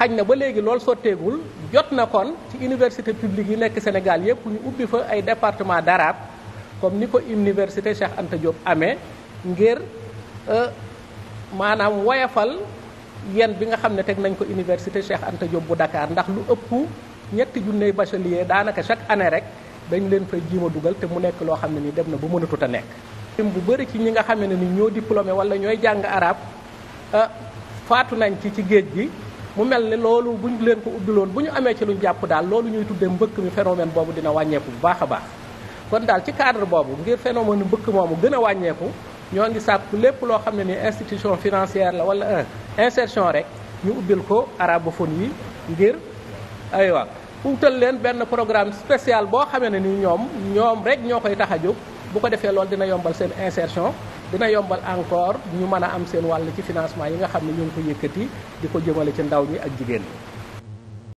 xaj na ba léegi loolu sotteegul jot na kon ci université publique yi nekk Sénégal yëpp ñu ubbi fa ay département d'arabe comme ni ko université Cheikh Anta Diop amee ngir euh, maanaam woyafal yenn bi nga xam ne teg nañ ko université Cheikh Anta Diop bu Dakar ndax lu ëpp ñetti junney bachelier daanaka chaque année rek dañ leen fay jiima dugal te mu nekk loo xam ne ni dem na ba mënatut a nekk. bu bëri ci ñi nga xam ne ni ñoo diplômé wala ñooy jàng arab euh, faatu nañ ci ci géej gi. mu mel ne loolu bu ñu leen ko ubbiloon bu ñu amee ci lu ñu jàpp daal loolu ñuy tuddee mbëkk mi phénomène boobu dina wàññeeku bu baax a baax kon daal ci cadre boobu ngir phénomène mbëkk moomu gën a wàññeeku ñoo ngi sàkku lépp loo xam ne ni institution financière la wala euh, insertion rek ñu ubbil ko arabophone yi ngir aywa utal leen benn programme spécial boo xamee ne ni ñoom ñoom rek ñoo koy tax a jóg bu ko defee loolu dina yombal seen insertion dina yombal encore ñu mën a am seen wàll ci financement yi nga xam ne ñu ngi ko yëkkati di ko jëmale ci ndaw mi ak jigéen